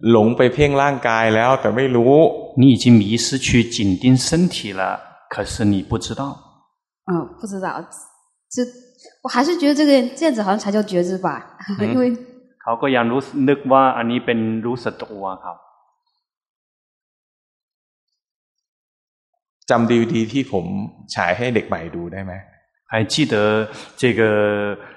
攏被撇爛改了但未知。你已經迷失去緊盯身體了，可是你不知道。嗯，不知道。就，我還是覺得這個這樣子，好像才叫覺知吧。因為，佢嗰樣諗，諗話，呢啲係諗實多啊。佢，記唔記得啲啲啲，我寫俾啲小朋友睇，可以嗎？我記得這個。